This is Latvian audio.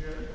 Jerry?